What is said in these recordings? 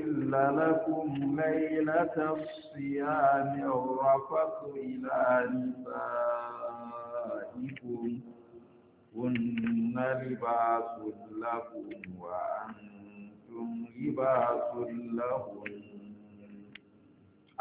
أحل لكم ليلة الصيام الرفق إلى نسائكم هن لباس لكم وأنتم لباس لهم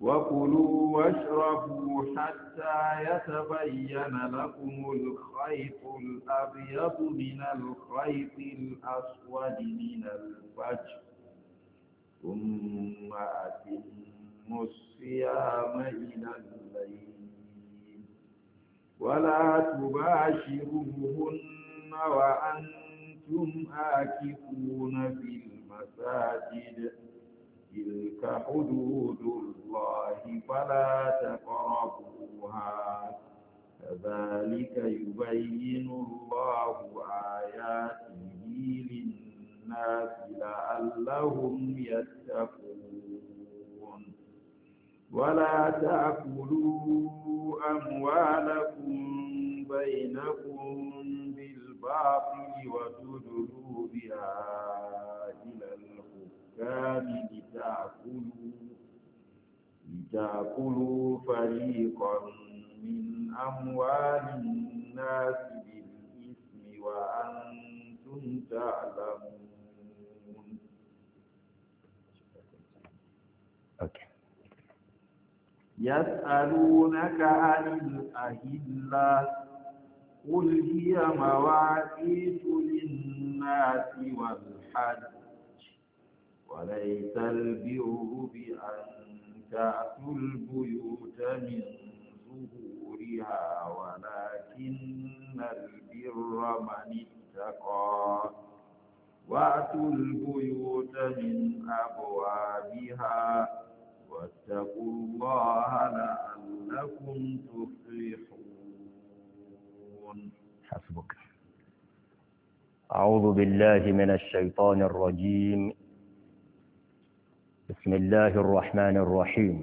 وكلوا واشربوا حتى يتبين لكم الخيط الأبيض من الخيط الأسود من الفجر ثم أتموا الصيام إلى الليل ولا تباشروهن وأنتم آكفون في المساجد تلك حدود الله فلا تقربوها كذلك يبين الله آياته للناس لعلهم يتقون ولا تأكلوا أموالكم بينكم بالباطل وتدلوا بها إلى الحكام تأكلوا فريقا من أموال الناس بالإثم وأنتم تعلمون okay. يسألونك عن الأهلة قل هي مواقيت للناس والحج وليس البر بأن تأتوا البيوت من ظهورها ولكن البر من اتقى وأتوا البيوت من أبوابها واتقوا الله لعلكم تفلحون حسبك أعوذ بالله من الشيطان الرجيم بسم الله الرحمن الرحيم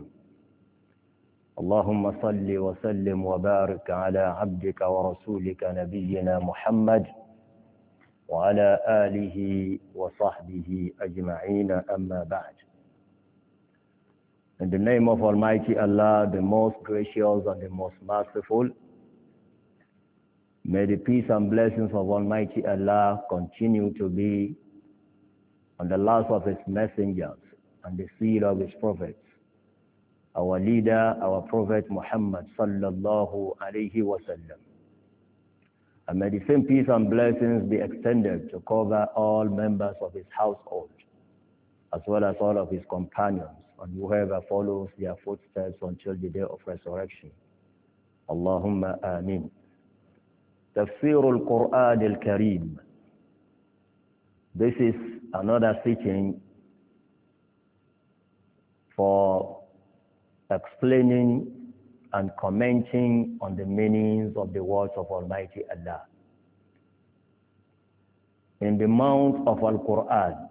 اللهم صل وسلم وبارك على عبدك ورسولك نبينا محمد وعلى آله وصحبه أجمعين أما بعد In the name of Almighty Allah, the most gracious and the most merciful, may the peace and blessings of Almighty Allah continue to be on the last of His messengers, and the seal of his prophets. Our leader, our prophet Muhammad sallallahu alayhi wasallam. And may the same peace and blessings be extended to cover all members of his household, as well as all of his companions and whoever follows their footsteps until the day of resurrection. Allahumma ameen. تفسير القرآن الكريم This is another teaching for explaining and commenting on the meanings of the words of Almighty Allah. In the month of Al-Quran,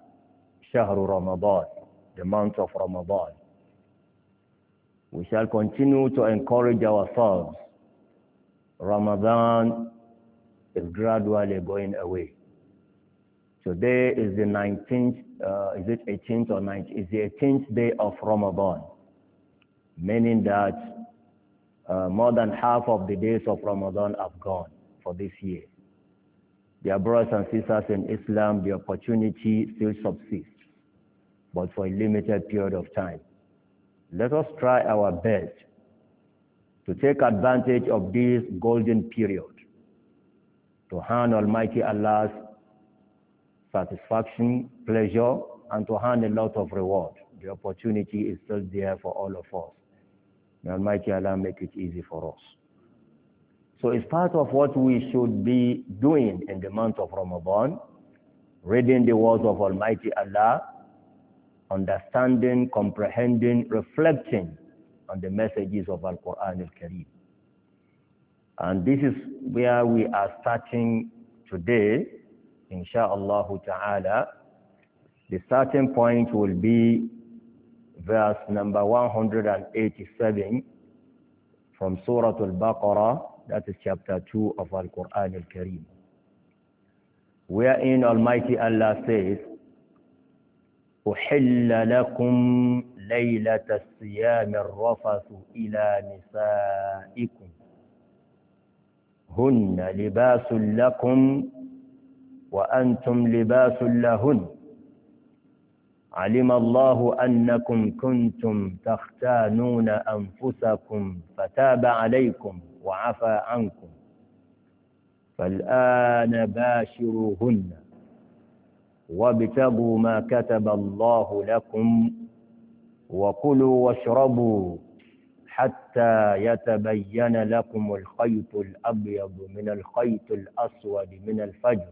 Shahru Ramadan, the month of Ramadan, we shall continue to encourage ourselves. Ramadan is gradually going away. Today is the 19th, uh, is it 18th or 19th? Is the 18th day of Ramadan, meaning that uh, more than half of the days of Ramadan have gone for this year. Dear brothers and sisters in Islam, the opportunity still subsists, but for a limited period of time. Let us try our best to take advantage of this golden period to hand Almighty Allah's satisfaction, pleasure, and to hand a lot of reward. The opportunity is still there for all of us. May Almighty Allah make it easy for us. So it's part of what we should be doing in the month of Ramadan, reading the words of Almighty Allah, understanding, comprehending, reflecting on the messages of Al-Quran al-Karim. And this is where we are starting today Insha'Allah ta'ala, the starting point will be verse number 187 from Surah Al-Baqarah, that is chapter 2 of Al-Quran Al-Kareem, wherein Almighty Allah says, أحل لكم ليلة الصيام الرفث إلى نسائكم هن لباس لكم وأنتم لباس لهن علم الله أنكم كنتم تختانون أنفسكم فتاب عليكم وعفى عنكم فالآن باشروهن وابتغوا ما كتب الله لكم وكلوا واشربوا حتى يتبين لكم الخيط الأبيض من الخيط الأسود من الفجر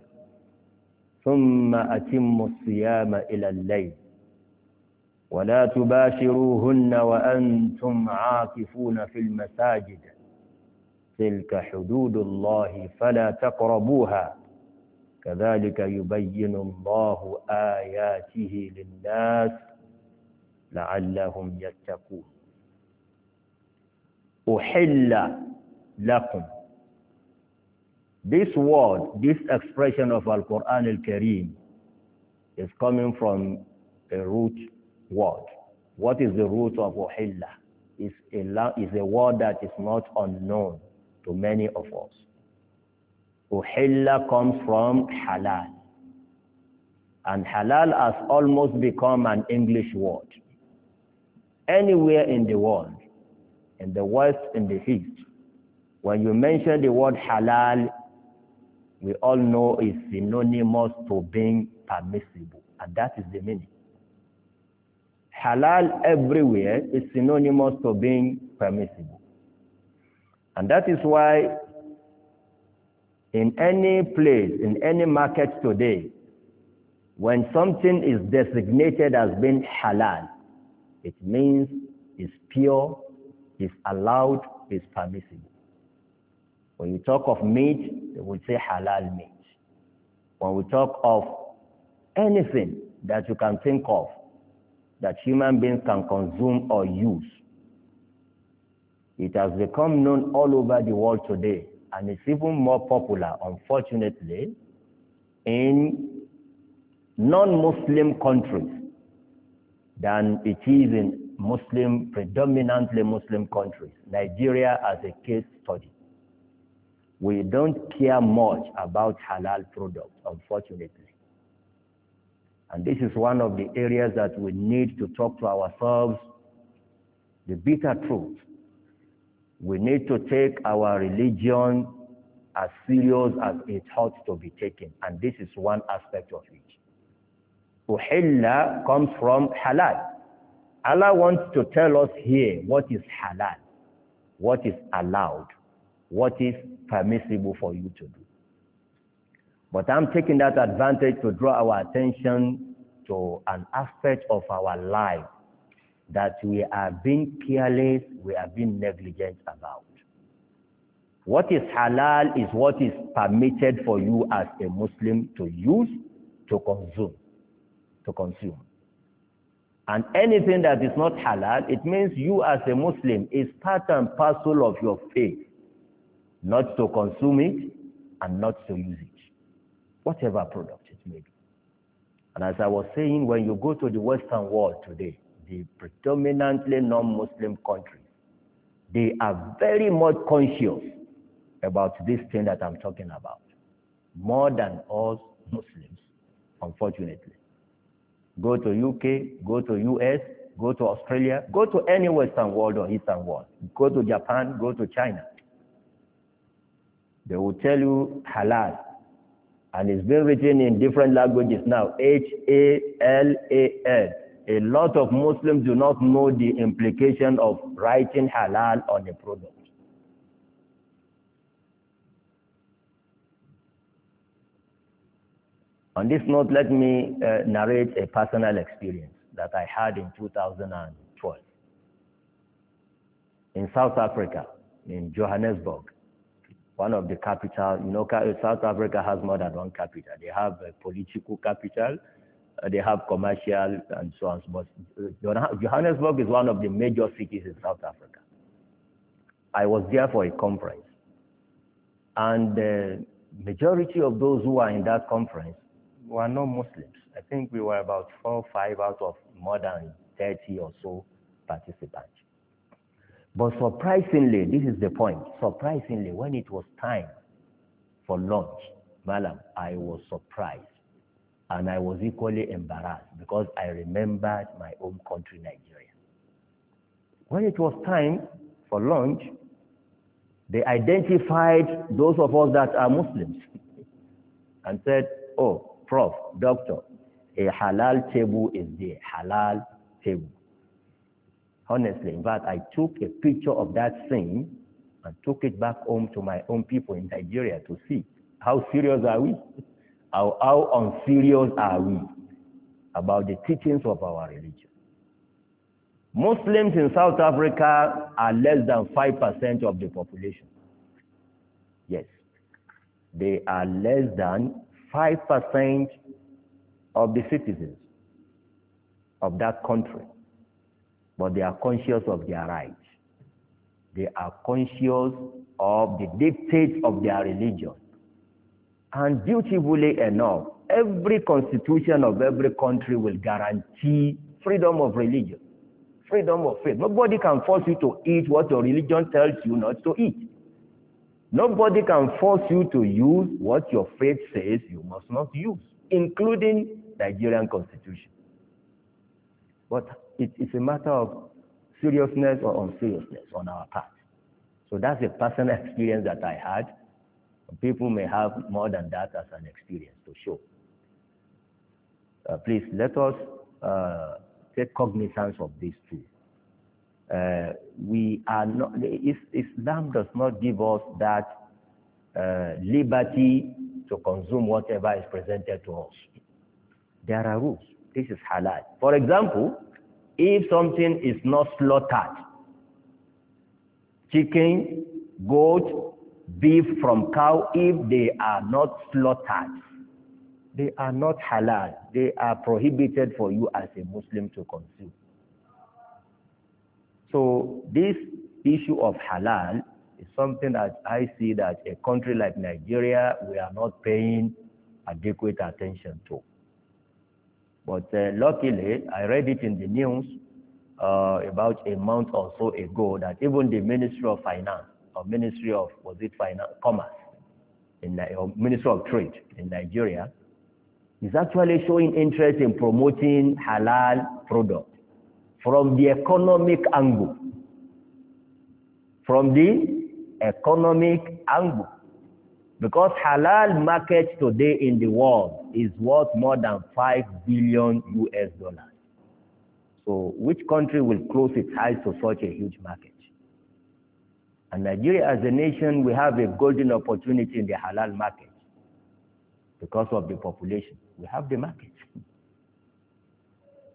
ثم أتموا الصيام إلى الليل ولا تباشروهن وأنتم عاكفون في المساجد تلك حدود الله فلا تقربوها كذلك يبين الله آياته للناس لعلهم يتقون أحل لكم This word, this expression of Al-Quran al-Karim is coming from a root word. What is the root of uhilla? It's a, it's a word that is not unknown to many of us. Uhilla comes from halal. And halal has almost become an English word. Anywhere in the world, in the West, in the East, when you mention the word halal, we all know is synonymous to being permissible, and that is the meaning. Halal everywhere is synonymous to being permissible. And that is why in any place, in any market today, when something is designated as being halal, it means it's pure, it's allowed, it's permissible. When we talk of meat, they will say halal meat. When we talk of anything that you can think of that human beings can consume or use, it has become known all over the world today and it's even more popular, unfortunately, in non-Muslim countries than it is in Muslim, predominantly Muslim countries. Nigeria as a case study. We don't care much about halal products, unfortunately. And this is one of the areas that we need to talk to ourselves the bitter truth. We need to take our religion as serious as it ought to be taken. And this is one aspect of it. Uhilla comes from halal. Allah wants to tell us here what is halal, what is allowed, what is permissible for you to do. But I'm taking that advantage to draw our attention to an aspect of our life that we are being careless, we are being negligent about. What is halal is what is permitted for you as a Muslim to use, to consume, to consume. And anything that is not halal, it means you as a Muslim is part and parcel of your faith not to consume it and not to use it, whatever product it may be. And as I was saying, when you go to the Western world today, the predominantly non-Muslim countries, they are very much conscious about this thing that I'm talking about, more than us Muslims, unfortunately. Go to UK, go to US, go to Australia, go to any Western world or Eastern world, go to Japan, go to China. They will tell you halal. And it's been written in different languages now, H-A-L-A-L. A lot of Muslims do not know the implication of writing halal on a product. On this note, let me uh, narrate a personal experience that I had in 2012 in South Africa, in Johannesburg one of the capital, you know, South Africa has more than one capital. They have political capital, uh, they have commercial and so on. But uh, Johannesburg is one of the major cities in South Africa. I was there for a conference, and the majority of those who were in that conference were not Muslims. I think we were about four or five out of more than 30 or so participants. But surprisingly, this is the point, surprisingly, when it was time for lunch, Malam, I was surprised. And I was equally embarrassed because I remembered my own country, Nigeria. When it was time for lunch, they identified those of us that are Muslims and said, oh, prof, doctor, a halal table is there, halal table. Honestly, in fact, I took a picture of that scene and took it back home to my own people in Nigeria to see how serious are we? How, how unserious are we about the teachings of our religion? Muslims in South Africa are less than 5% of the population. Yes, they are less than 5% of the citizens of that country. but they are conscious of their rights. They are conscious of the dictates of their religion. And dutifully enough, every constitution of every country will guarantee freedom of religion, freedom of faith. Nobody can force you to eat what your religion tells you not to eat. Nobody can force you to use what your faith says you must not use, including Nigerian constitution. But it is a matter of seriousness or unseriousness on our part. So that's a personal experience that I had. People may have more than that as an experience to show. Uh, please let us uh, take cognizance of these two. Uh, we are not, Islam does not give us that uh, liberty to consume whatever is presented to us. There are rules. This is halal. For example, if something is not slaughtered, chicken, goat, beef from cow, if they are not slaughtered, they are not halal. They are prohibited for you as a Muslim to consume. So this issue of halal is something that I see that a country like Nigeria, we are not paying adequate attention to. But uh, luckily, I read it in the news uh, about a month or so ago that even the Ministry of Finance or Ministry of was it Finance Commerce in or Ministry of Trade in Nigeria is actually showing interest in promoting halal products from the economic angle. From the economic angle. Because halal market today in the world is worth more than 5 billion US dollars. So which country will close its eyes to such a huge market? And Nigeria as a nation, we have a golden opportunity in the halal market because of the population. We have the market.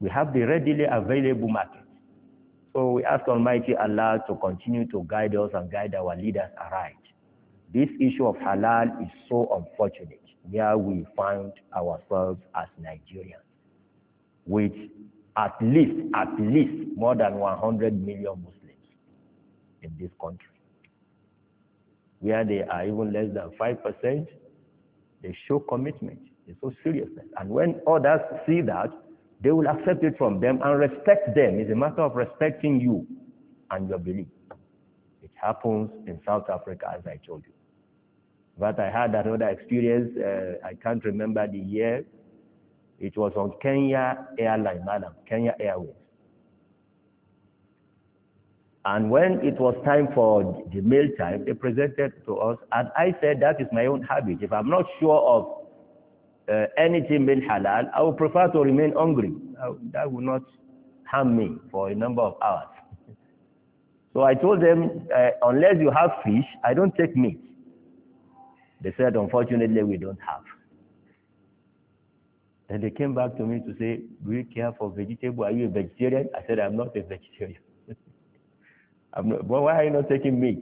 We have the readily available market. So we ask Almighty Allah to continue to guide us and guide our leaders aright. This issue of halal is so unfortunate where we find ourselves as Nigerians, with at least, at least more than 100 million Muslims in this country, where they are even less than 5%, they show commitment, they show seriousness. And when others see that, they will accept it from them and respect them. It's a matter of respecting you and your belief. It happens in South Africa, as I told you. But I had another experience, uh, I can't remember the year. It was on Kenya Airline, madam, Kenya Airways. And when it was time for the meal time, they presented to us, and I said, that is my own habit. If I'm not sure of uh, anything made halal, I would prefer to remain hungry. that will not harm me for a number of hours. so I told them, uh, unless you have fish, I don't take meat. They said, unfortunately, we don't have. And they came back to me to say, do you care for vegetable? Are you a vegetarian? I said, I'm not a vegetarian. I'm not, But why are you not taking meat?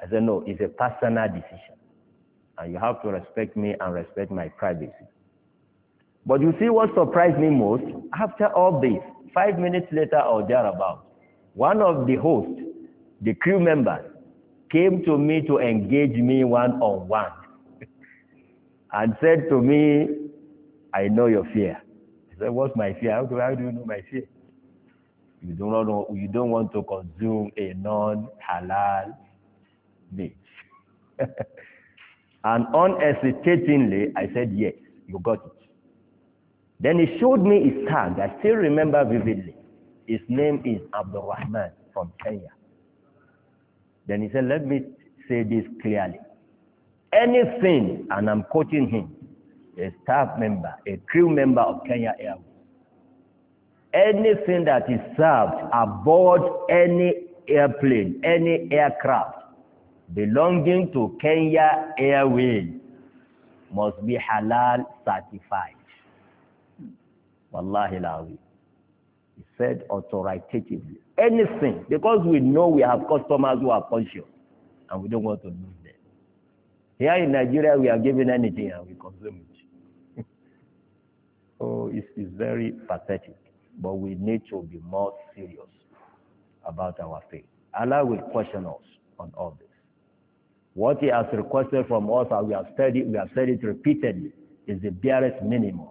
I said, no, it's a personal decision. And you have to respect me and respect my privacy. But you see what surprised me most? After all this, five minutes later or thereabout, one of the hosts, the crew members, came to me to engage me one on one and said to me, I know your fear. I said, What's my fear? How do, how do you know my fear? You do not know, you don't want to consume a non-halal meat. and unhesitatingly, I said, Yes, you got it. Then he showed me his tag. I still remember vividly. His name is Abdul Rahman from Kenya. Then he said, Let me say this clearly anything, and I'm quoting him, a staff member, a crew member of Kenya Airways, anything that is served aboard any airplane, any aircraft belonging to Kenya Airways must be halal certified. Wallahi lawi. He said authoritatively. Anything, because we know we have customers who are conscious and we don't want to lose here in Nigeria, we are given anything and we consume it. so oh, it's, it's very pathetic. But we need to be more serious about our faith. Allah will question us on all this. What He has requested from us, and we have said it, we have said it repeatedly, is the barest minimum.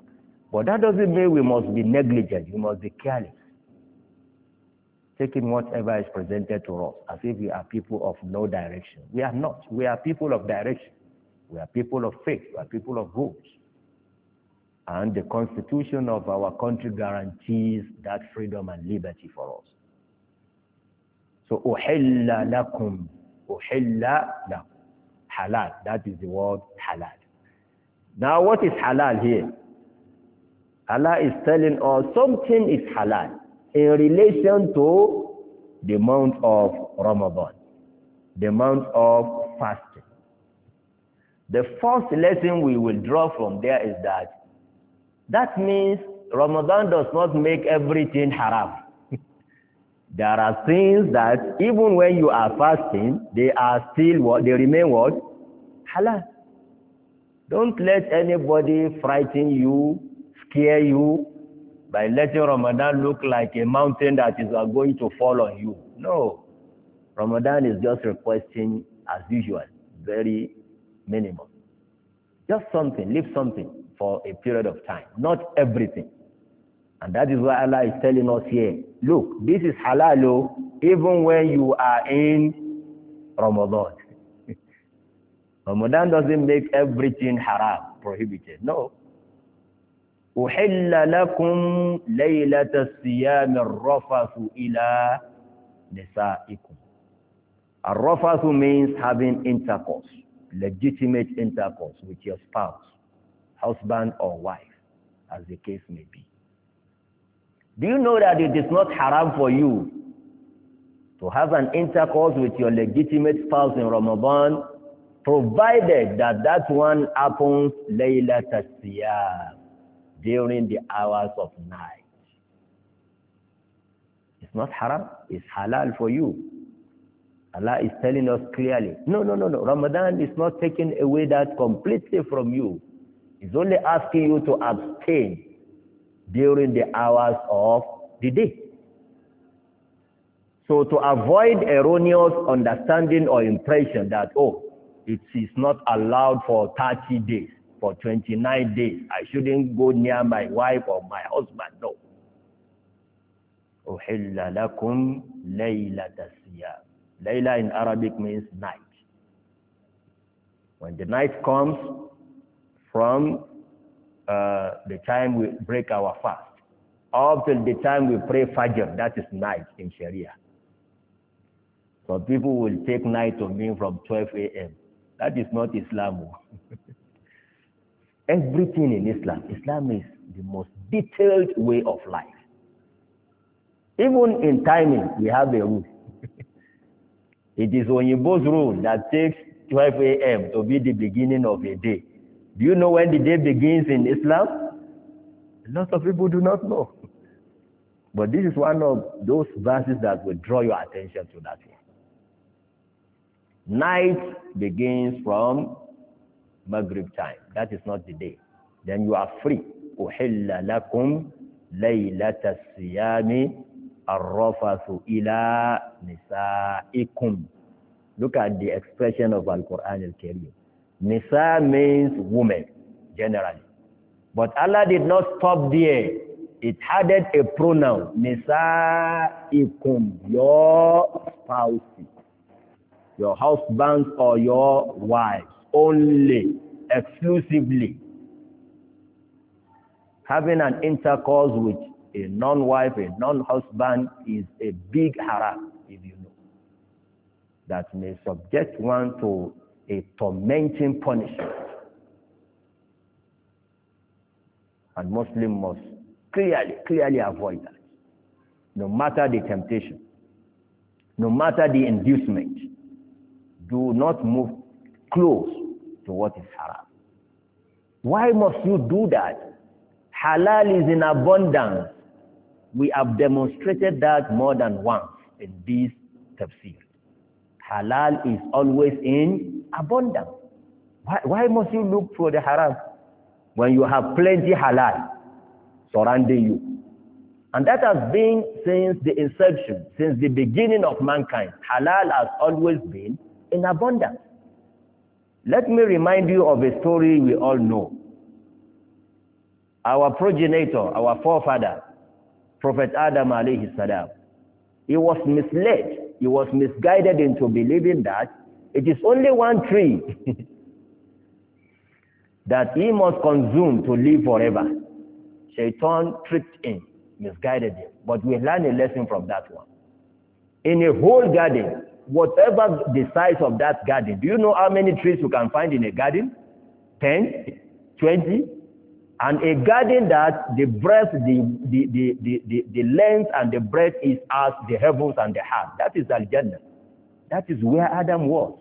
But that doesn't mean we must be negligent. We must be careless. Taking whatever is presented to us as if we are people of no direction. We are not. We are people of direction. We are people of faith. We are people of hopes. And the constitution of our country guarantees that freedom and liberty for us. So, أُحِلَّ لَكُمْ أُحِلَّ لَكُمْ Halal. That is the word halal. Now, what is halal here? Allah is telling us something is halal in relation to the month of Ramadan, the month of fasting. The first lesson we will draw from there is that that means Ramadan does not make everything haram. there are things that even when you are fasting, they are still what they remain what halal. Don't let anybody frighten you, scare you by letting Ramadan look like a mountain that is going to fall on you. No. Ramadan is just requesting as usual, very minimum. Just something, leave something for a period of time, not everything. And that is why Allah is telling us here, look, this is halal oh, even when you are in Ramadan. Ramadan doesn't make everything haram, prohibited. No. أحل لكم ليلة الصيام الرفث إلى نسائكم. الرفث means having intercourse legitimate intercourse with your spouse, husband or wife, as the case may be. Do you know that it is not haram for you to have an intercourse with your legitimate spouse in Ramadan, provided that that one happens Laylat Siyam, during the hours of night? It's not haram, it's halal for you. Allah is telling us clearly, no, no, no, no. Ramadan is not taking away that completely from you. It's only asking you to abstain during the hours of the day. So to avoid erroneous understanding or impression that, oh, it is not allowed for 30 days, for 29 days. I shouldn't go near my wife or my husband. No. أُحِلَّ لَكُمْ لَيْلَةَ السِّيَامِ Layla in Arabic means night. When the night comes from uh, the time we break our fast, up till the time we pray Fajr, that is night in Sharia. So people will take night to mean from 12 a.m. That is not Islam. Oh. Everything in Islam, Islam is the most detailed way of life. Even in timing, we have a rule. It is Onyibo's rule that takes 12 a.m. to be the beginning of a day. Do you know when the day begins in Islam? A lot of people do not know. But this is one of those verses that will draw your attention to that here. Night begins from Maghrib time. That is not the day. Then you are free. أُحِلَّ لَكُمْ لَيْلَةَ الصِّيَامِ arọ́fàṣù ila Nisa ikum. look at the expression of al-Quran al-Karim nisa means women generally but Allah did not stop there it added a pronoun nisa ikum. your spouses your husbands or your wives only exclusively having an intercourse with a non-wife, a non-husband is a big haram, if you know, that may subject one to a tormenting punishment. And Muslim must clearly, clearly avoid that, no matter the temptation, no matter the inducement. Do not move close to what is haram. Why must you do that? Halal is in abundance. We have demonstrated that more than once in this tafsir. Halal is always in abundance. Why, why must you look for the haram when you have plenty halal surrounding you? And that has been since the inception, since the beginning of mankind. Halal has always been in abundance. Let me remind you of a story we all know. Our progenitor, our forefather, Prophet Adam alayhi salam. He was misled. He was misguided into believing that it is only one tree that he must consume to live forever. Shaitan tricked him, misguided him. But we learn a lesson from that one. In a whole garden, whatever the size of that garden, do you know how many trees you can find in a garden? 10, 20, And a garden that the breadth, the, the, the, the, the, the length and the breadth is as the heavens and the earth. That is Al-Jannah. That is where Adam was.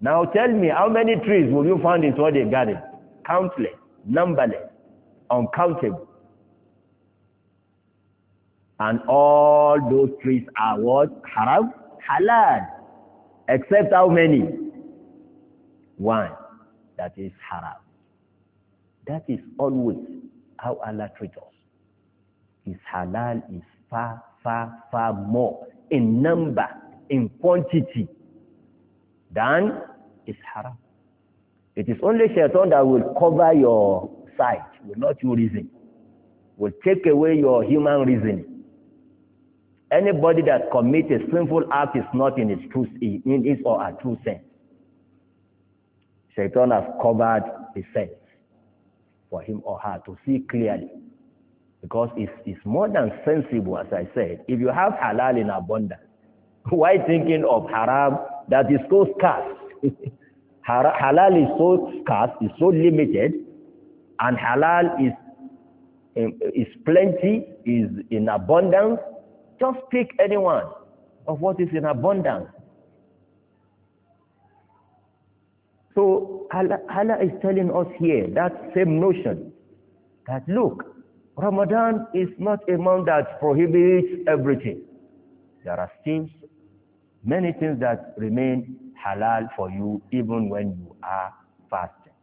Now tell me, how many trees will you find in such garden? Countless, numberless, uncountable. And all those trees are what? Haram? Halal. Except how many? One. That is haram. That is always how Allah treats us. His halal is far, far, far more in number, in quantity than is haram. It is only shaitan that will cover your sight, will not your reason, will take away your human reason. Anybody that commits a sinful act is not in his true in his or a true sense. Shaitan has covered his sense for him or her to see clearly. Because it's, it's more than sensible, as I said. If you have halal in abundance, why thinking of haram that is so scarce? halal is so scarce, is so limited, and halal is, um, is plenty, is in abundance. Just pick anyone of what is in abundance So Allah, Allah is telling us here that same notion that look, Ramadan is not a month that prohibits everything. There are still many things that remain halal for you even when you are fasting.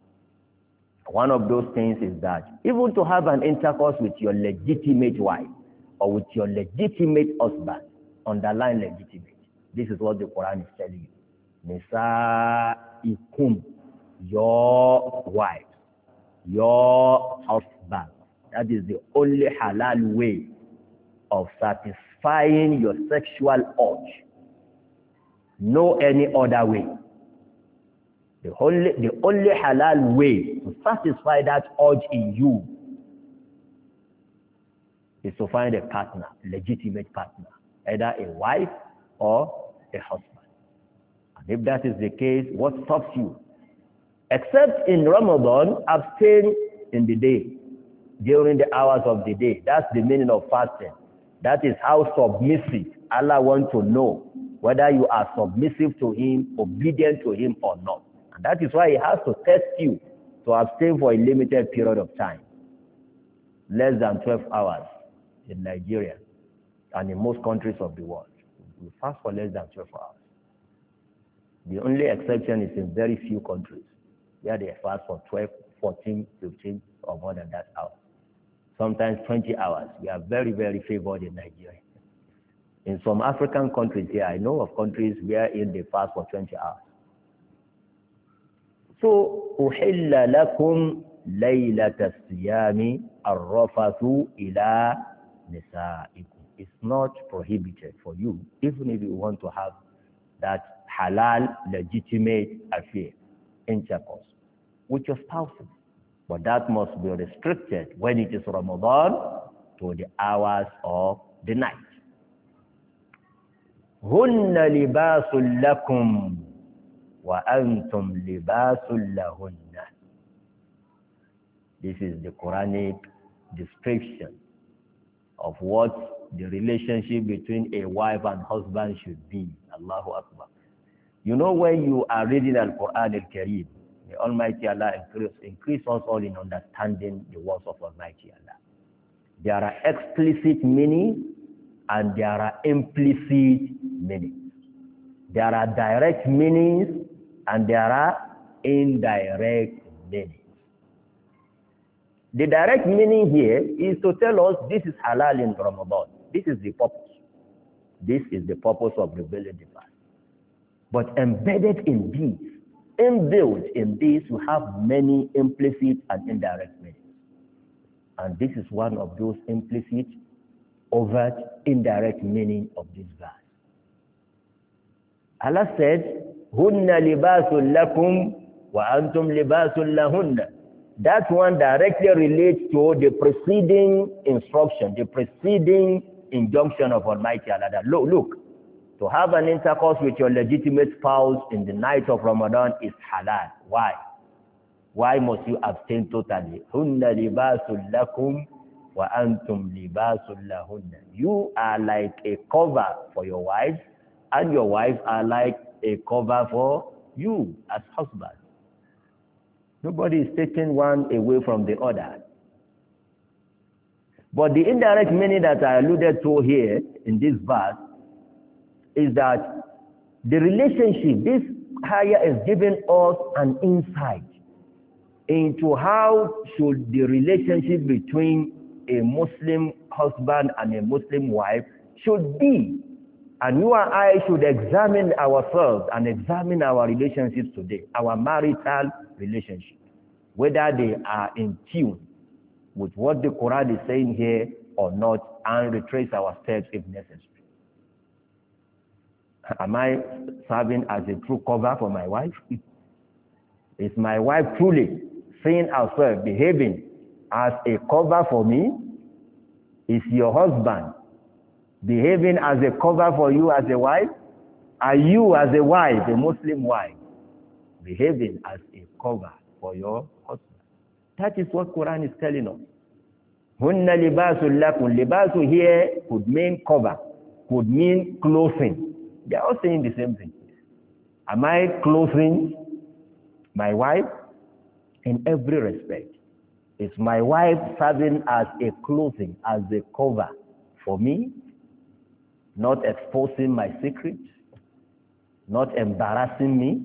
One of those things is that even to have an intercourse with your legitimate wife or with your legitimate husband, underline legitimate. This is what the Quran is telling you. Nisa ikum, your wife, your husband. That is the only halal way of satisfying your sexual urge. No any other way. The only, the only halal way to satisfy that urge in you is to find a partner, legitimate partner, either a wife or a husband. If that is the case, what stops you? Except in Ramadan, abstain in the day, during the hours of the day. That's the meaning of fasting. That is how submissive Allah wants to know whether you are submissive to Him, obedient to Him or not. And that is why He has to test you to abstain for a limited period of time, less than 12 hours in Nigeria and in most countries of the world. We fast for less than 12 hours. The only exception is in very few countries where they fast for 12, 14, 15, or more than that hours. Sometimes 20 hours. We are very, very favored in Nigeria. In some African countries here, I know of countries where in they fast for 20 hours. So, أُحِلَّ لَكُمْ لَيْلَةَ الصِّيَامِ الرَّفَثُ إِلَى It's not prohibited for you, even if you want to have that halal, legitimate affair, intercourse with your spouses. But that must be restricted when it is Ramadan to the hours of the night. This is the Quranic description of what the relationship between a wife and husband should be. Allahu Akbar. You know when you are reading Al-Quran Al-Kareem, may Almighty Allah increase, increase us all in understanding the words of Almighty Allah. There are explicit meaning and there are implicit meanings. There are direct meanings and there are indirect meanings. The direct meaning here is to tell us this is halal in Ramadan. This is the purpose. This is the purpose of revealing the but embedded in these, inbuilt in these, you have many implicit and indirect meanings. And this is one of those implicit, overt, indirect meaning of this verse. Allah said, libasul لِبَاسٌ wa antum libasul لَهُنَّ That one directly relates to the preceding instruction, the preceding injunction of Almighty Allah. Look, look, to have an intercourse with your legitimate spouse in the night of Ramadan is halal. Why? Why must you abstain totally? wa antum You are like a cover for your wives, and your wives are like a cover for you as husband. Nobody is taking one away from the other. But the indirect meaning that I alluded to here in this verse is that the relationship, this higher has given us an insight into how should the relationship between a Muslim husband and a Muslim wife should be. And you and I should examine ourselves and examine our relationships today, our marital relationship, whether they are in tune with what the Quran is saying here or not, and retrace our steps if necessary. Am I serving as a true cover for my wife? Is my wife truly seeing herself behaving as a cover for me? Is your husband behaving as a cover for you as a wife? Are you as a wife, a Muslim wife, behaving as a cover for your husband? That is what Quran is telling us. Hunna libasul lakum. Libasu here could mean cover, could mean clothing. They are all saying the same thing. Am I closing my wife? In every respect. Is my wife serving as a clothing, as a cover for me? Not exposing my secret? Not embarrassing me?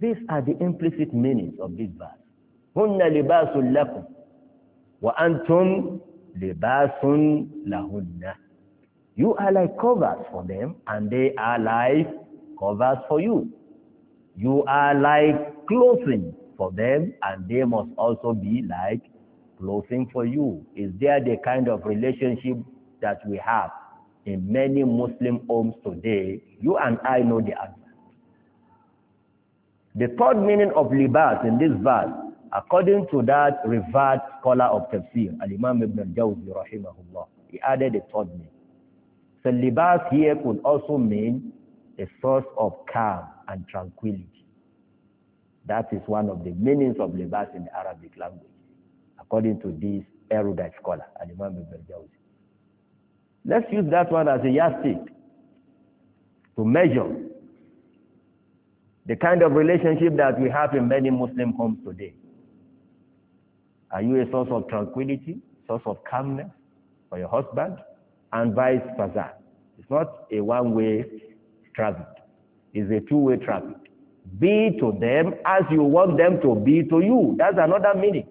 These are the implicit meanings of this verse. هُنَّ لِبَاسٌ لَكُمْ وَأَنْتُمْ لِبَاسٌ لَهُنَّ you are like covers for them, and they are like covers for you. You are like clothing for them, and they must also be like clothing for you. Is there the kind of relationship that we have in many Muslim homes today? You and I know the answer. The third meaning of libas in this verse, according to that revered scholar of tafsir, Al-Imam Ibn al-Jawzi he added a third meaning. So libas here could also mean a source of calm and tranquility. That is one of the meanings of libas in the Arabic language, according to this erudite scholar, Al-Imam Ibn Jawzi. Let's use that one as a yardstick to measure the kind of relationship that we have in many Muslim homes today. Are you a source of tranquility, source of calmness for your husband, and vice versa. It's not a one-way traffic. It's a two-way traffic. Be to them as you want them to be to you. That's another meaning.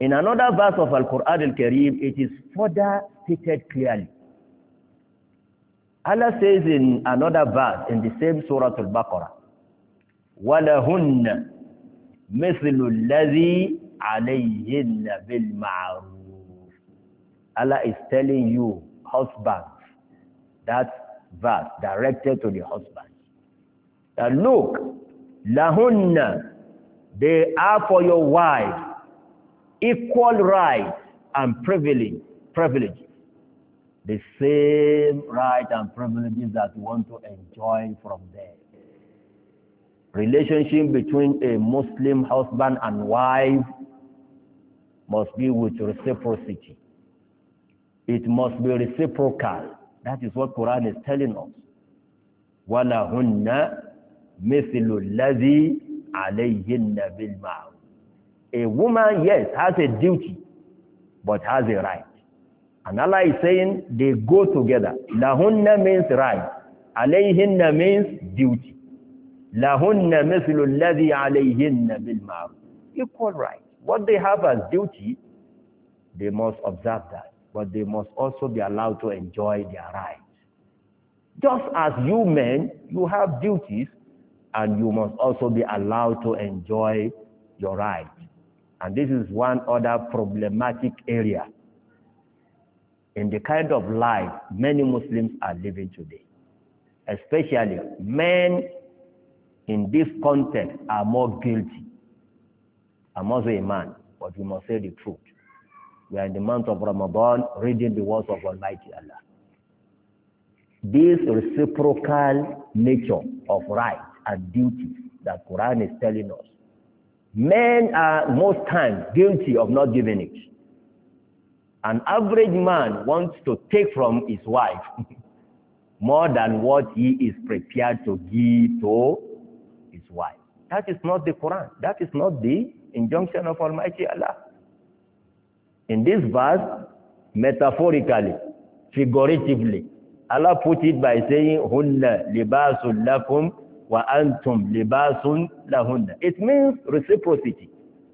In another verse of Al-Quran al-Karim, it is further stated clearly. Allah says in another verse in the same Surah Al-Baqarah, وَلَهُنَّ مِثْلُ الَّذِي عَلَيْهِنَّ بِالْمَعْرُوفِ Allah is telling you, husbands, that verse directed to the husband. That look, lahunna, they are for your wife equal rights and privilege, privileges. The same rights and privileges that you want to enjoy from them. Relationship between a Muslim husband and wife must be with reciprocity. It must be reciprocal. That is what Quran is telling us. وَلَهُنَّ مِثِلُ الَّذِي عَلَيْهِنَّ بِالْمَعْرُ A woman, yes, has a duty, but has a right. And Allah is saying they go together. لَهُنَّ means right. عَلَيْهِنَّ means duty. لَهُنَّ مِثْلُ الَّذِي عَلَيْهِنَّ بِالْمَعْرُ Equal right. What they have as duty, they must observe that but they must also be allowed to enjoy their rights. Just as you men, you have duties, and you must also be allowed to enjoy your rights. And this is one other problematic area in the kind of life many Muslims are living today. Especially men in this context are more guilty. I'm also a man, but we must say the truth. We are in the month of Ramadan, reading the words of Almighty Allah. This reciprocal nature of rights and duties that Quran is telling us. Men are most times guilty of not giving it. An average man wants to take from his wife more than what he is prepared to give to his wife. That is not the Quran. That is not the injunction of Almighty Allah. In this verse, metaphorically, figuratively, Allah put it by saying, Hunna libasun lakum wa antum libasun lahunna. It means reciprocity.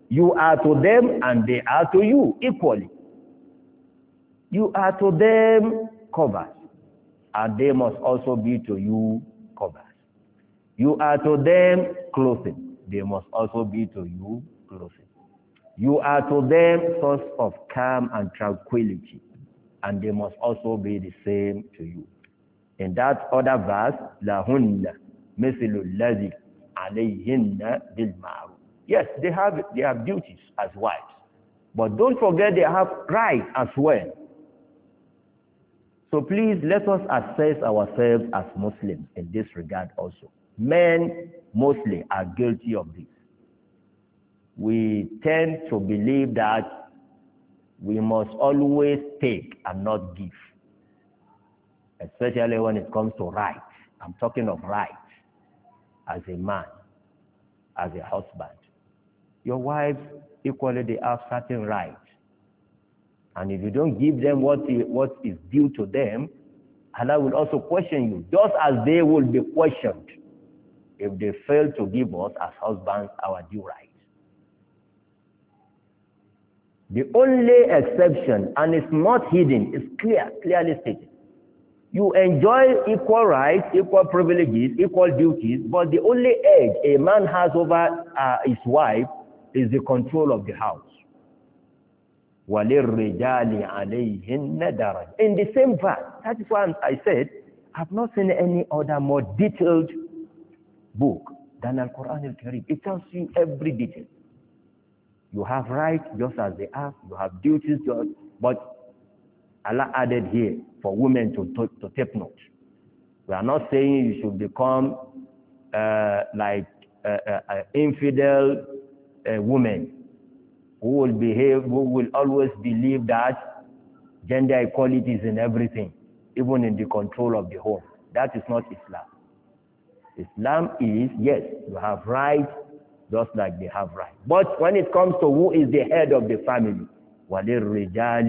You are to them and they are to you equally. You are to them covered and they must also be to you covered. You are to them clothing. They must also be to you clothing. You are to them source of calm and tranquility, and they must also be the same to you. In that other verse, lahunna مثل الذي عليهن بالمعروف. Yes, they have they have duties as wives, but don't forget they have rights as well. So please let us assess ourselves as Muslims in this regard also. Men mostly are guilty of this we tend to believe that we must always take and not give, especially when it comes to rights. I'm talking of rights as a man, as a husband. Your wives equally they have certain rights, and if you don't give them what is, what is due to them, Allah will also question you, just as they will be questioned if they fail to give us as husbands our due rights. The only exception, and it's not hidden, it's clear, clearly stated. You enjoy equal rights, equal privileges, equal duties, but the only edge a man has over uh, his wife is the control of the house. In the same verse, that is why I said, I've not seen any other more detailed book than Al-Quran al-Karim. It tells you every detail. You have rights just as they have. You have duties just, but Allah added here for women to, to, to take note. We are not saying you should become uh, like an uh, uh, uh, infidel uh, woman who will behave, who will always believe that gender equality is in everything, even in the control of the home. That is not Islam. Islam is, yes, you have rights just like they have right. But when it comes to who is the head of the family, وَلِلْرِجَالِ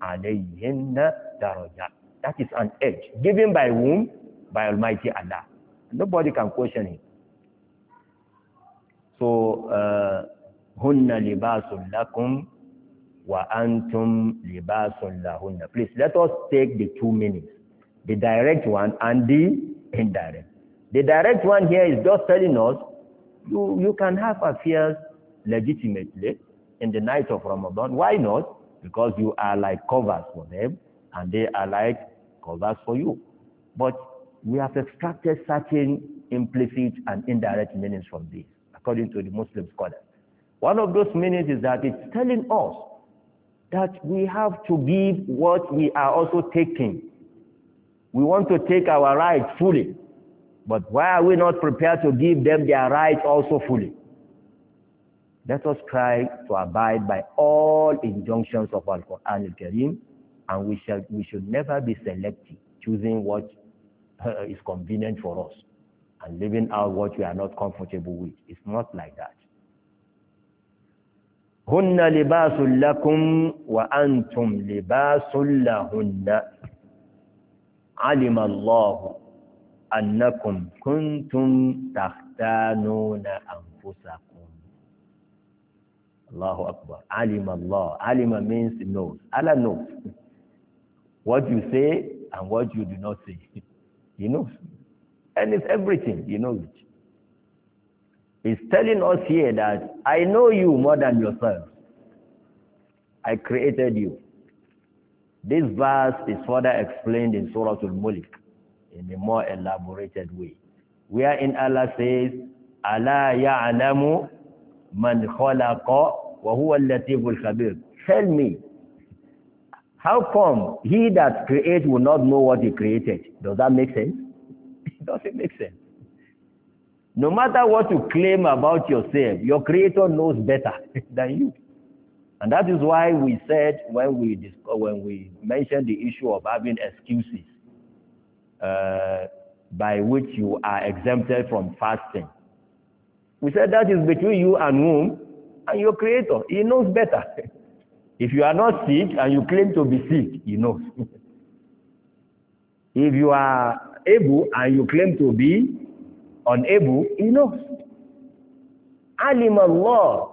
عَلَيْهِنَّ دَرَجَةً That is an edge given by whom? By Almighty Allah. Nobody can question him. So, هُنَّ لِبَاسٌ لَكُمْ وَأَنْتُمْ لِبَاسٌ لَهُنَّ Please, let us take the two meanings. The direct one and the indirect. The direct one here is just telling us you, you can have affairs legitimately in the night of Ramadan. Why not? Because you are like covers for them and they are like covers for you. But we have extracted certain implicit and indirect meanings from this, according to the Muslim scholars. One of those meanings is that it's telling us that we have to give what we are also taking. We want to take our right fully. But why are we not prepared to give them their rights also fully? Let us try to abide by all injunctions of Al-Quran al-Karim, and we, shall, we should never be selective, choosing what uh, is convenient for us and leaving out what we are not comfortable with. It's not like that. هن لباس لكم وأنتم لباس لهن علم الله annakum kuntum takhtanuna anfusakum Allahu Akbar alim Allah alima means knows Allah knows what you say and what you do not say he knows and it's everything he knows it He's telling us here that I know you more than yourself. I created you. This verse is further explained in Surah Al-Mulk in a more elaborated way. in Allah says, Allah ya'lamu man khalaqa wa huwa al-latiful khabir. Tell me, how come he that creates will not know what he created? Does that make sense? It doesn't make sense. No matter what you claim about yourself, your creator knows better than you. And that is why we said when we, when we mentioned the issue of having excuses, uh, by which you are exempted from fasting. We said that is between you and whom? And your creator. He knows better. if you are not sick and you claim to be sick, he knows. if you are able and you claim to be unable, he knows. Alim Allah,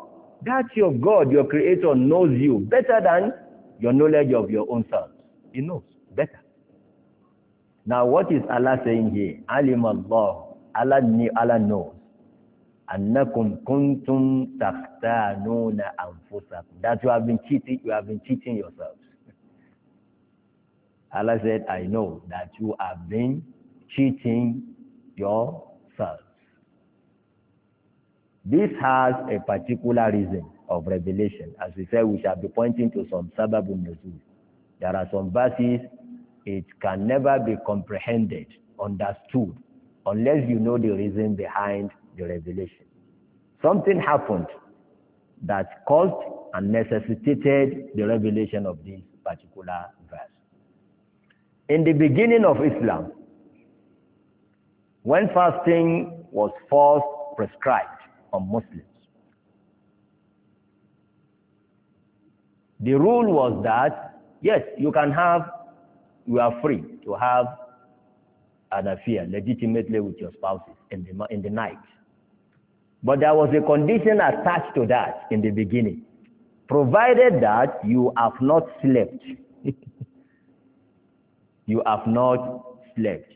that's your God, your creator knows you better than your knowledge of your own self. He knows better. Now, what is Allah saying here? Alim Allah. Allah, knew, Allah knows. Annakum kuntum takhtanuna anfusakum. That you have been cheating, you have been cheating yourselves. Allah said, I know that you have been cheating yourselves. This has a particular reason of revelation. As we said, we shall be pointing to some sababun nuzul. There are some verses it can never be comprehended, understood, unless you know the reason behind the revelation. Something happened that caused and necessitated the revelation of this particular verse. In the beginning of Islam, when fasting was first prescribed on Muslims, the rule was that, yes, you can have you are free to have an affair legitimately with your spouses in the, in the night. But there was a condition attached to that in the beginning. Provided that you have not slept. you have not slept.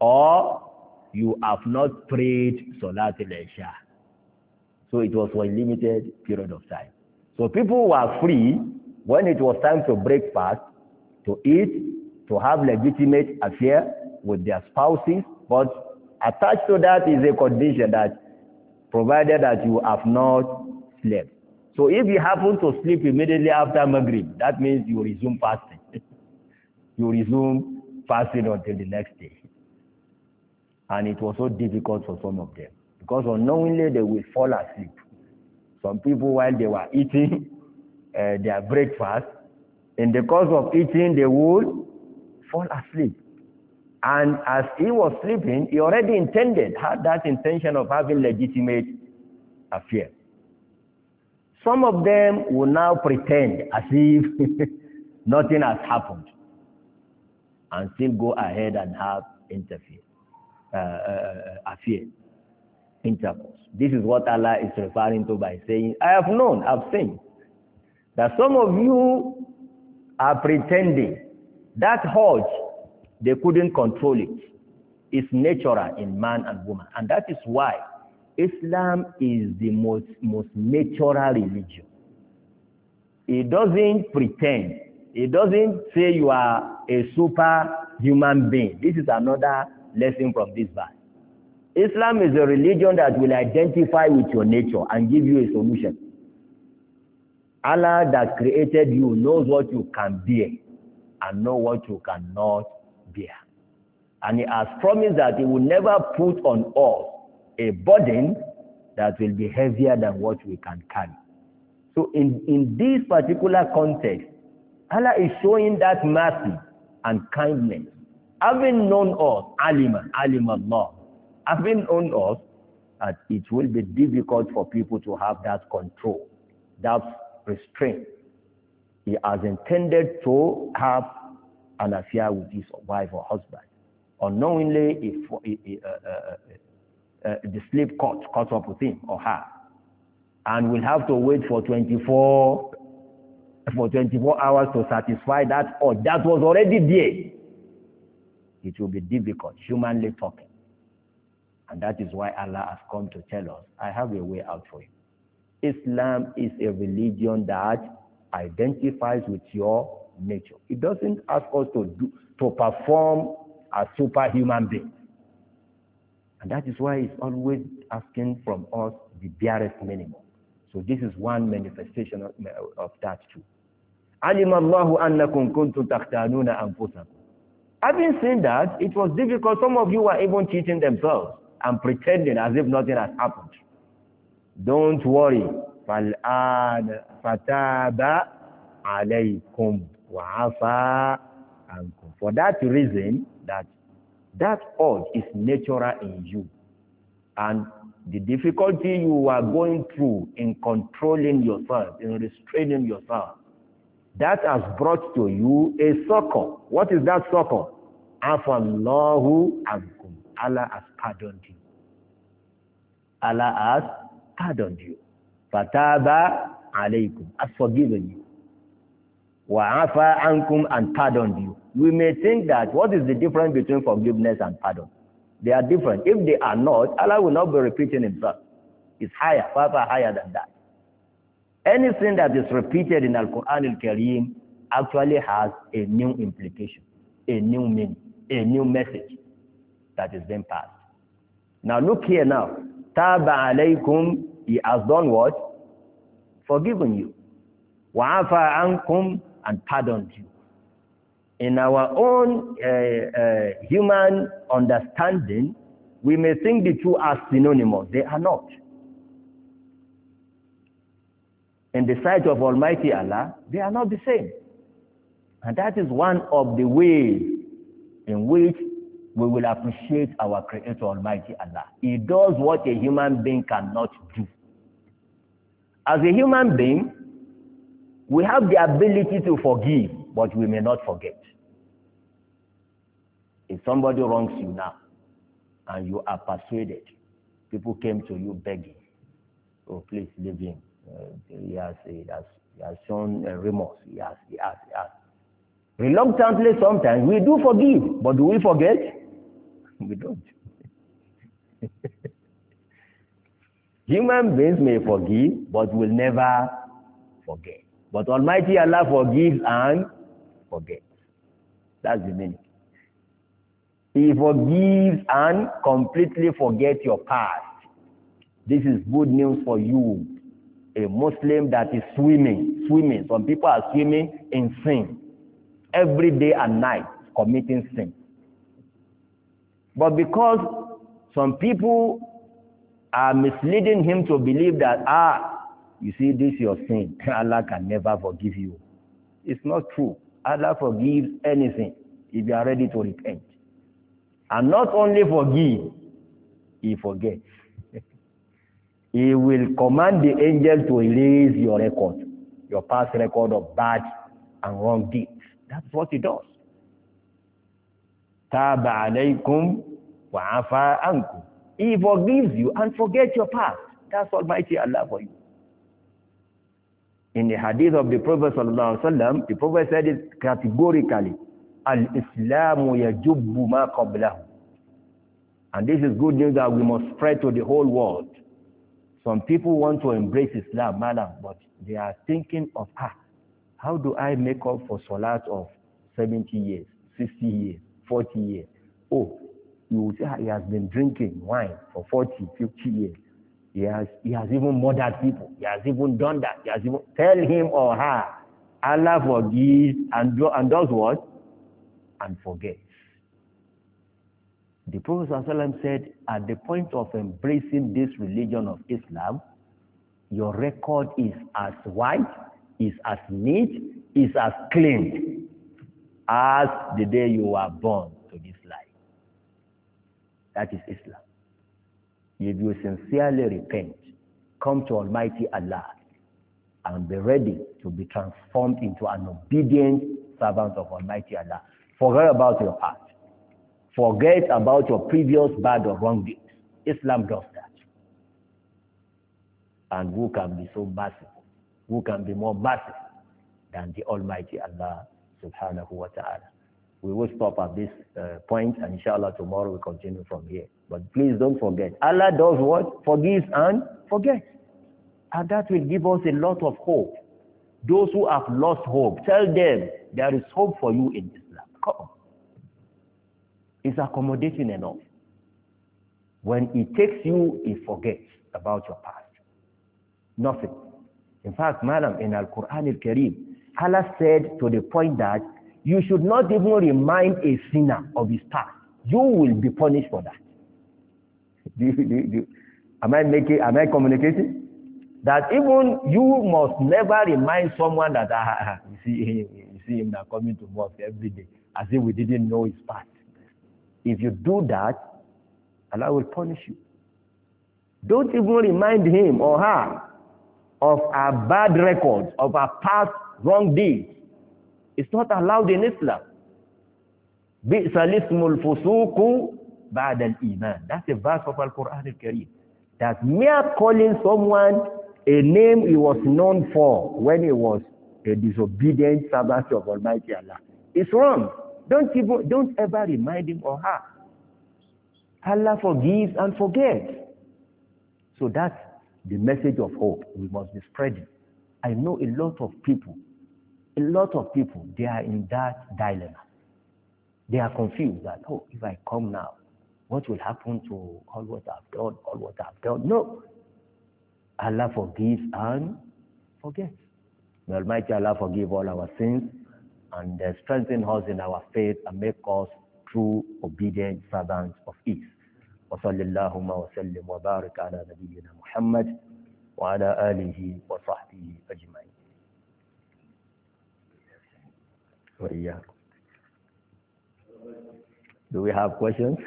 Or you have not prayed al Isha. So it was for a limited period of time. So people were free when it was time to break fast, to eat, to have legitimate affair with their spouses, but attached to that is a condition that provided that you have not slept. So if you happen to sleep immediately after Maghrib, that means you resume fasting. you resume fasting until the next day. And it was so difficult for some of them because unknowingly they will fall asleep. Some people, while they were eating uh, their breakfast, in the course of eating, they would fall asleep. And as he was sleeping, he already intended, had that intention of having legitimate affair. Some of them will now pretend as if nothing has happened and still go ahead and have interfere, uh, uh, uh, affair, intercourse. This is what Allah is referring to by saying, I have known, I've seen that some of you are pretending that urge, they couldn't control it. It's natural in man and woman. And that is why Islam is the most, most natural religion. It doesn't pretend. It doesn't say you are a super human being. This is another lesson from this verse. Islam is a religion that will identify with your nature and give you a solution. Allah that created you knows what you can bear and know what you cannot bear. And he has promised that he will never put on us a burden that will be heavier than what we can carry. So in, in this particular context, Allah is showing that mercy and kindness. Having known us, Alima, Alima Allah, having known us, that it will be difficult for people to have that control, that restraint he has intended to have an affair with his wife or husband. Unknowingly, if, if uh, uh, uh, uh, the slave caught, caught up with him or her, and will have to wait for 24, for 24 hours to satisfy that or that was already there. It will be difficult, humanly talking. And that is why Allah has come to tell us, I have a way out for you. Islam is a religion that identifies with your nature. It doesn't ask us to do to perform a superhuman being, And that is why it's always asking from us the barest minimum. So this is one manifestation of, of that too. Having seen that, it was difficult. Some of you were even cheating themselves and pretending as if nothing has happened. Don't worry. fataba alaykum wa afa ankum for that reason that that urge is natural in you and the difficulty you are going through in controlling yourself, in restraining yourself, that has brought to you a circle. What is that succor? Afallahu ankum. Allah has pardoned you. Allah has pardoned you. Fataba alaykum. I've forgiven you. Wa'afa ankum and pardoned you. We may think that what is the difference between forgiveness and pardon? They are different. If they are not, Allah will not be repeating himself. It's higher, far, far higher than that. Anything that is repeated in Al-Quran al-Kareem actually has a new implication, a new meaning, a new message that is being passed. Now look here now. Taba alaykum he has done what? Forgiven you. Wa'afa ankum and pardoned you. In our own uh, uh, human understanding, we may think the two are synonymous. They are not. In the sight of Almighty Allah, they are not the same. And that is one of the ways in which we will appreciate our Creator Almighty Allah. He does what a human being cannot do. As a human being, we have the ability to forgive, but we may not forget. If somebody wrongs you now and you are persuaded, people came to you begging, oh, please leave him. Uh, he, has, he, has, he has shown uh, remorse. He has, he has, he has. Reluctantly, sometimes we do forgive, but do we forget? we don't. Human beings may forgive, but will never forget. But Almighty Allah forgives and forgets. That's the meaning. He forgives and completely forgets your past. This is good news for you. A Muslim that is swimming, swimming. Some people are swimming in sin. Every day and night, committing sin. But because some people are misleading him to believe that, ah, you see, this your sin. Allah can never forgive you. It's not true. Allah forgives anything if you are ready to repent. And not only forgive, He forgets. he will command the angel to erase your record, your past record of bad and wrong deeds. That's what He does. alaykum wa وعفى عنكم He forgives you and forgets your past. That's Almighty Allah for you. In the hadith of the Prophet sallallahu the Prophet said it categorically, al Islam yajubbu ma qablahu." And this is good news that we must spread to the whole world. Some people want to embrace Islam, madam, but they are thinking of, ah, how do I make up for salat of 70 years, 60 years, 40 years? Oh, you will say ah, he has been drinking wine for 40, 50 years. He has, he has even murdered people. He has even done that. He has even, tell him or her, Allah forgives and, do, and does what? And forgets. The Prophet said, at the point of embracing this religion of Islam, your record is as white, is as neat, is as clean as the day you were born. That is Islam. If you sincerely repent, come to Almighty Allah and be ready to be transformed into an obedient servant of Almighty Allah. Forget about your past. Forget about your previous bad or wrong deeds. Islam does that. And who can be so merciful? Who can be more merciful than the Almighty Allah subhanahu wa ta'ala? we will stop at this uh, point and inshallah tomorrow we continue from here. But please don't forget, Allah does what? Forgives and forgets. And that will give us a lot of hope. Those who have lost hope, tell them there is hope for you in Islam. Come on. It's accommodating enough. When he takes you, he forgets about your past. Nothing. In fact, madam, in Al-Quran al-Karim, Allah said to the point that You should not even remind a sinner of his past. You will be punished for that. do you, do you, do you, am I making, am I communicating? That even you must never remind someone that, ah, ah, ah you see him, you see him now coming to mosque every day, as if we didn't know his past. If you do that, Allah will punish you. Don't even remind him or her of our bad records, of our past wrong deeds. It's not allowed in Islam. بِئْسَ الْإِثْمُ الْفُسُوقُ بَعْدَ الْإِيمَانِ That's a verse of Al-Quran al-Karim. That mere calling someone a name he was known for when he was a disobedient servant of Almighty Allah is wrong. Don't, even, don't ever remind him or her. Allah forgives and forgets. So that's the message of hope. We must be spreading. I know a lot of people a lot of people, they are in that dilemma. They are confused that, oh, if I come now, what will happen to all what I've done, all what I've done? No. Allah forgives and forgets. May Almighty Allah forgive all our sins and uh, strengthen us in our faith and make us true obedient servants of His. وصلى اللهم وسلم وبارك على نبينا محمد وعلى آله وصحبه أجمعين وإياكم Do we have questions?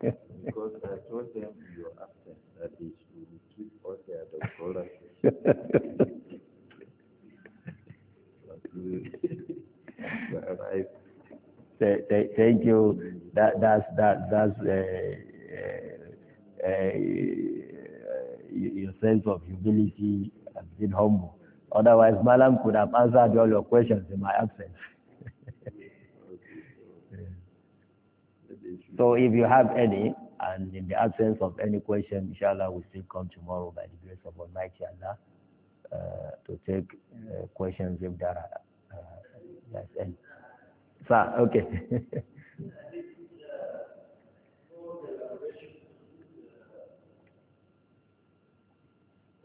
because I told them in your absence that they should treat all their doctoral Thank you. That, that's that, that's uh, uh, your sense of humility and being humble. Otherwise, Malam could have answered all your questions in my absence. so if you have any, and in the absence of any question, inshallah, we still come tomorrow by the grace of Almighty Allah uh, to take uh, questions if there are uh, yes, and, Sir, okay.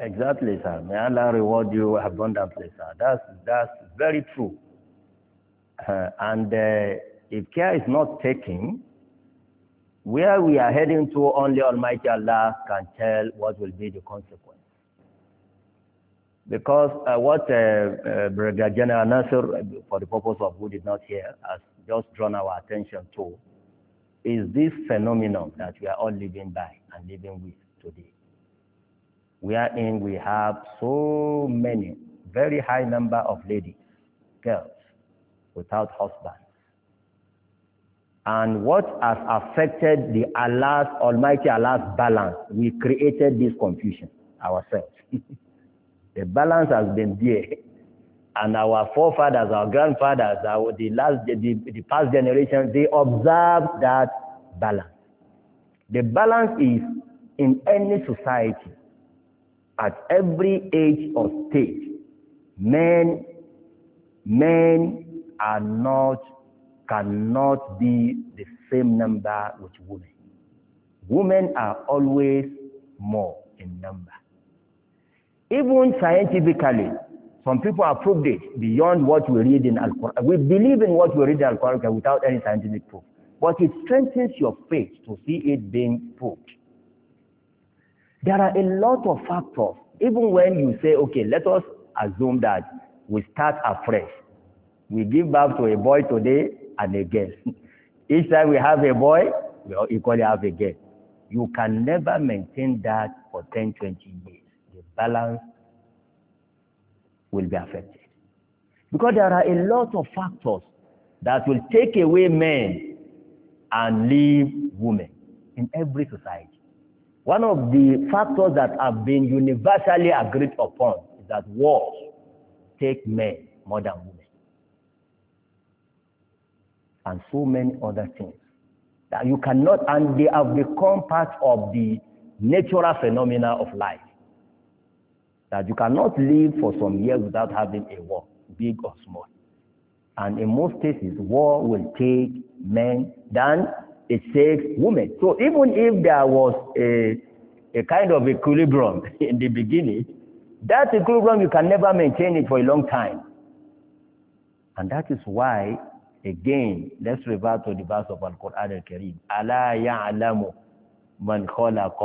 exactly, sir. May Allah reward you abundantly, sir. That's, that's very true. Uh, and uh, if care is not taken, where we are heading to, only Almighty Allah can tell what will be the consequence. Because uh, what uh, uh, Brigadier General Nasser, uh, for the purpose of who did not hear, has just drawn our attention to, is this phenomenon that we are all living by and living with today wherein we have so many, very high number of ladies, girls, without husbands. And what has affected the Allah's, Almighty Allah's balance, we created this confusion ourselves. the balance has been there. And our forefathers, our grandfathers, our, the, last, the, the, the past generation, they observed that balance. The balance is in any society at every age or stage, men, men are not, cannot be the same number with women. Women are always more in number. Even scientifically, some people have proved it beyond what we read in Al-Quran. We believe in what we read in Al-Quran without any scientific proof. But it strengthens your faith to see it being proved. There are a lot of factors. Even when you say, okay, let us assume that we start afresh. We give birth to a boy today and a girl. Each time we have a boy, we equally have a girl. You can never maintain that for 10, 20 years. The balance will be affected. Because there are a lot of factors that will take away men and leave women in every society. One of the factors that have been universally agreed upon is that wars take men more than women. And so many other things that you cannot, and they have become part of the natural phenomena of life. That you cannot live for some years without having a war, big or small. And in most cases, war will take men than it saves women. So even if there was a, a kind of equilibrium in the beginning, that equilibrium, you can never maintain it for a long time. And that is why, again, let's revert to the verse of Al-Quran al-Karim. أَلَا يَعْلَمُ مَنْ خَلَقَ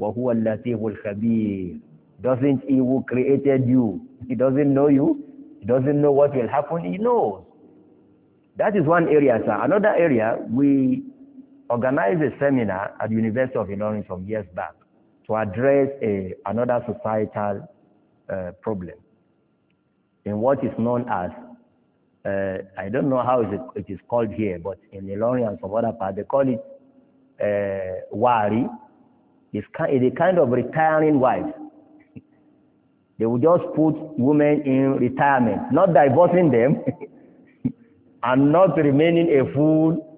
وَهُوَ اللَّطِيفُ الْخَبِيرُ Doesn't he who created you? He doesn't know you? He doesn't know what will happen? He knows. That is one area, sir. Another area, we organized a seminar at the University of Illinois some years back to address a, another societal uh, problem in what is known as, uh, I don't know how it is called here, but in Illinois and some other parts, they call it uh, wari. It's, it's a kind of retiring wife. They will just put women in retirement, not divorcing them and not remaining a fool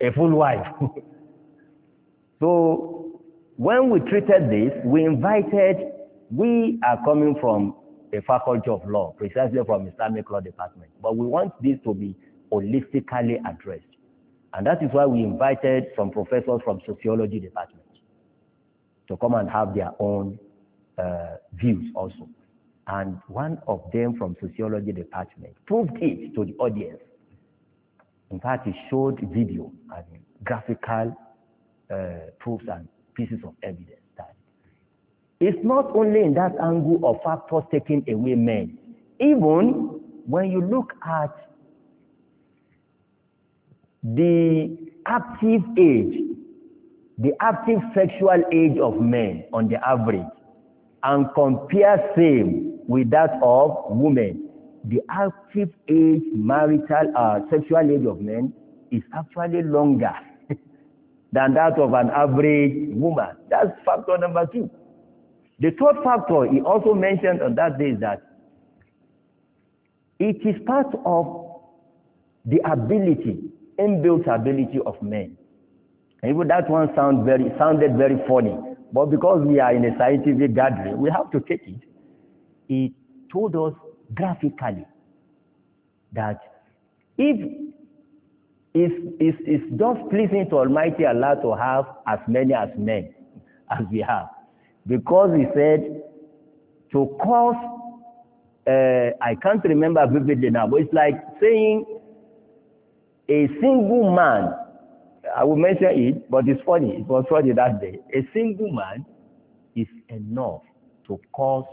a full wife. so when we treated this, we invited, we are coming from a faculty of law, precisely from Islamic law department, but we want this to be holistically addressed. And that is why we invited some professors from sociology department to come and have their own uh, views also. And one of them from sociology department proved it to the audience in fact, he showed video and graphical uh, proofs and pieces of evidence that it's not only in that angle of factors taking away men, even when you look at the active age, the active sexual age of men on the average, and compare same with that of women, the active age marital uh, sexual age of men is actually longer than that of an average woman. That's factor number two. The third factor he also mentioned on that day is that it is part of the ability, inbuilt ability of men. And even that one sound very, sounded very funny, but because we are in a scientific gathering, we have to take it. He told us graphically that if it's, it's, it's just pleasing to Almighty Allah to have as many as men as we have. Because he said, to cause, uh, I can't remember vividly now, but it's like saying a single man, I will mention it, but it's funny, it was funny that day. A single man is enough to cause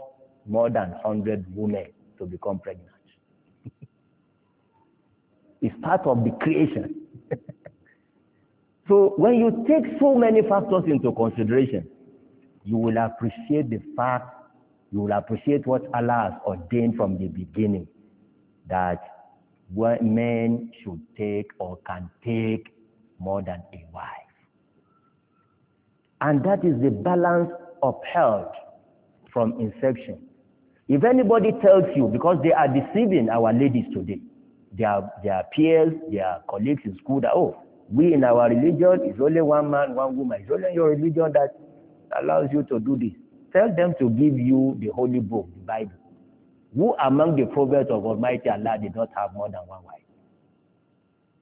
more than 100 women to become pregnant. it's part of the creation. so when you take so many factors into consideration, you will appreciate the fact, you will appreciate what Allah has ordained from the beginning that men should take or can take more than a wife. And that is the balance upheld from inception. If anybody tells you, because they are deceiving our ladies today, their, their peers, their colleagues in school, that, oh, we in our religion, is only one man, one woman. It's only your religion that allows you to do this. Tell them to give you the holy book, the Bible. Who among the prophets of Almighty Allah did not have more than one wife?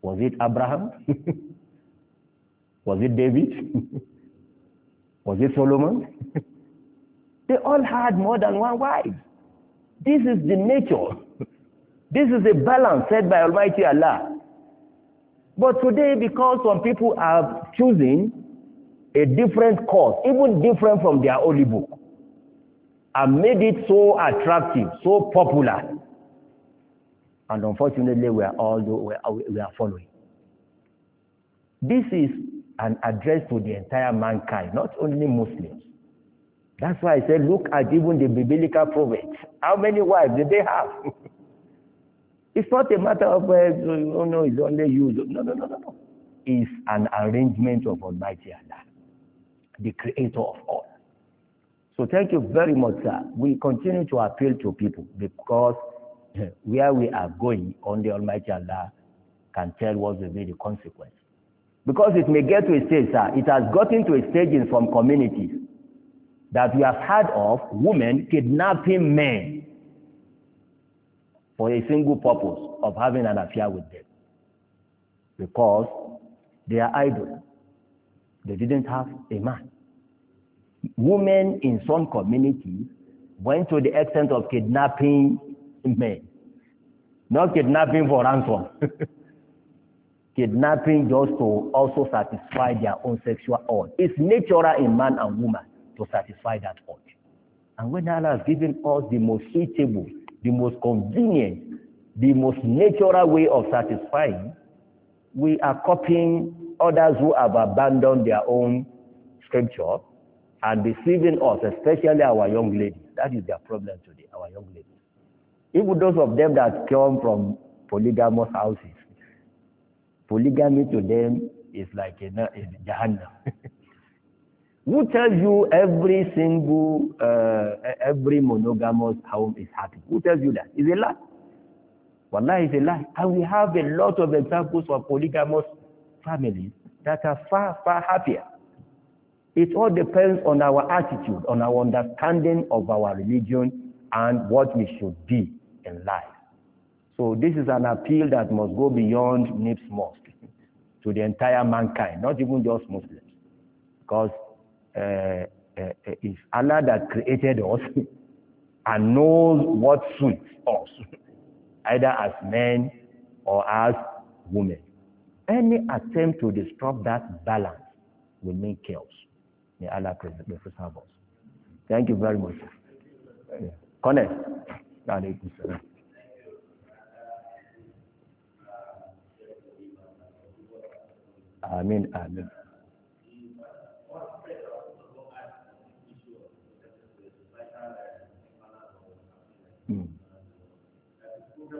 Was it Abraham? Was it David? Was it Solomon? they all had more than one wife. This is the nature. This is a balance set by Almighty Allah. But today, because some people are choosing a different course, even different from their holy book, and made it so attractive, so popular, and unfortunately, we are all we are, we are following. This is an address to the entire mankind, not only Muslims. That's why I said, look at even the biblical prophets. How many wives did they have? it's not a matter of, uh, oh no, it's only you. No, no, no, no, no. It's an arrangement of Almighty Allah, the creator of all. So thank you very much, sir. We continue to appeal to people because uh, where we are going, only Almighty Allah can tell what will be the consequence. Because it may get to a stage, sir. It has gotten to a stage in some communities that we have heard of women kidnapping men for a single purpose of having an affair with them because they are idle. They didn't have a man. Women in some communities went to the extent of kidnapping men. Not kidnapping for ransom. kidnapping just to also satisfy their own sexual urge. It's natural in man and woman. to satisfy that urge. And when Allah has given us the most suitable, the most convenient, the most natural way of satisfying, we are copying others who have abandoned their own scripture and deceiving us, especially our young ladies. That is their problem today, our young ladies. Even those of them that come from polygamous houses, polygamy to them is like a, a jahannam. Who tells you every single, uh, every monogamous home is happy? Who tells you that? Is it a lie. Wallahi, it's a lie. And we have a lot of examples of polygamous families that are far, far happier. It all depends on our attitude, on our understanding of our religion and what we should be in life. So this is an appeal that must go beyond NIPS Mosque to the entire mankind, not even just Muslims. Because uh, uh, is Allah that created us and knows what suits us, either as men or as women. Any attempt to disrupt that balance will mean chaos. May Allah preserve us. Thank you very much. Connect. Amen. Amen. Because he didn't do it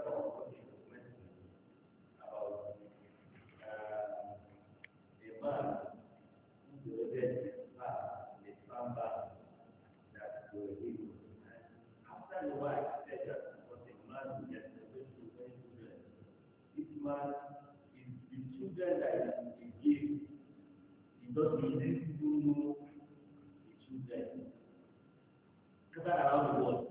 to them. Because I don't know what.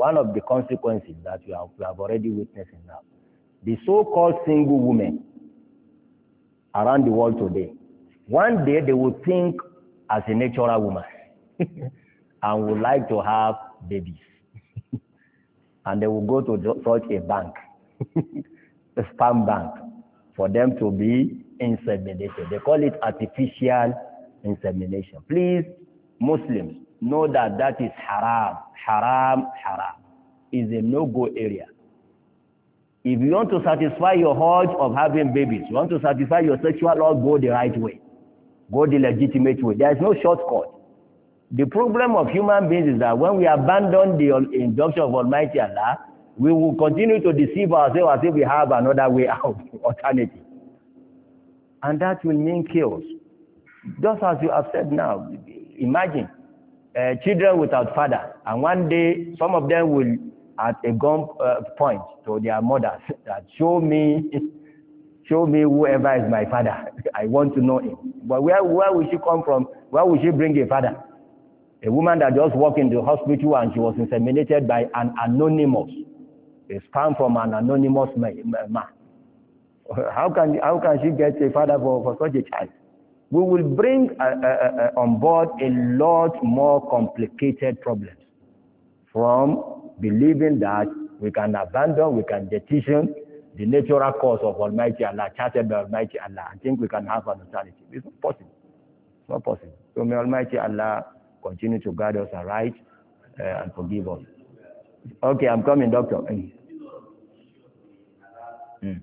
one of the consequences that we have, have already witnessing now. The so-called single women around the world today, one day they will think as a natural woman and would like to have babies. and they will go to such a bank, a sperm bank, for them to be inseminated. They call it artificial insemination. Please, Muslims, know that that is haram. haram, haram is a no-go area. If you want to satisfy your urge of having babies, you want to satisfy your sexual urge, go the right way. Go the legitimate way. There is no shortcut. The problem of human beings is that when we abandon the injunction of Almighty Allah, we will continue to deceive ourselves as if we have another way out, alternative. And that will mean chaos. Just as you have said now, imagine uh, children without father. And one day, some of them will, at a gun uh, eh, point to their mothers, that show me, show me whoever is my father. I want to know him. But where, where will she come from? Where will she bring a father? A woman that just in the hospital and she was inseminated by an anonymous, a sperm from an anonymous man. How can, how can she get a father for, for such a child? we will bring uh, uh, uh, on board a lot more complicated problems from believing that we can abandon, we can petition the natural cause of Almighty Allah, charted by Almighty Allah, I think we can have an alternative. It's not possible. It's not possible. So may Almighty Allah continue to guide us aright uh, and forgive us. Okay, I'm coming, doctor. Mm. mm.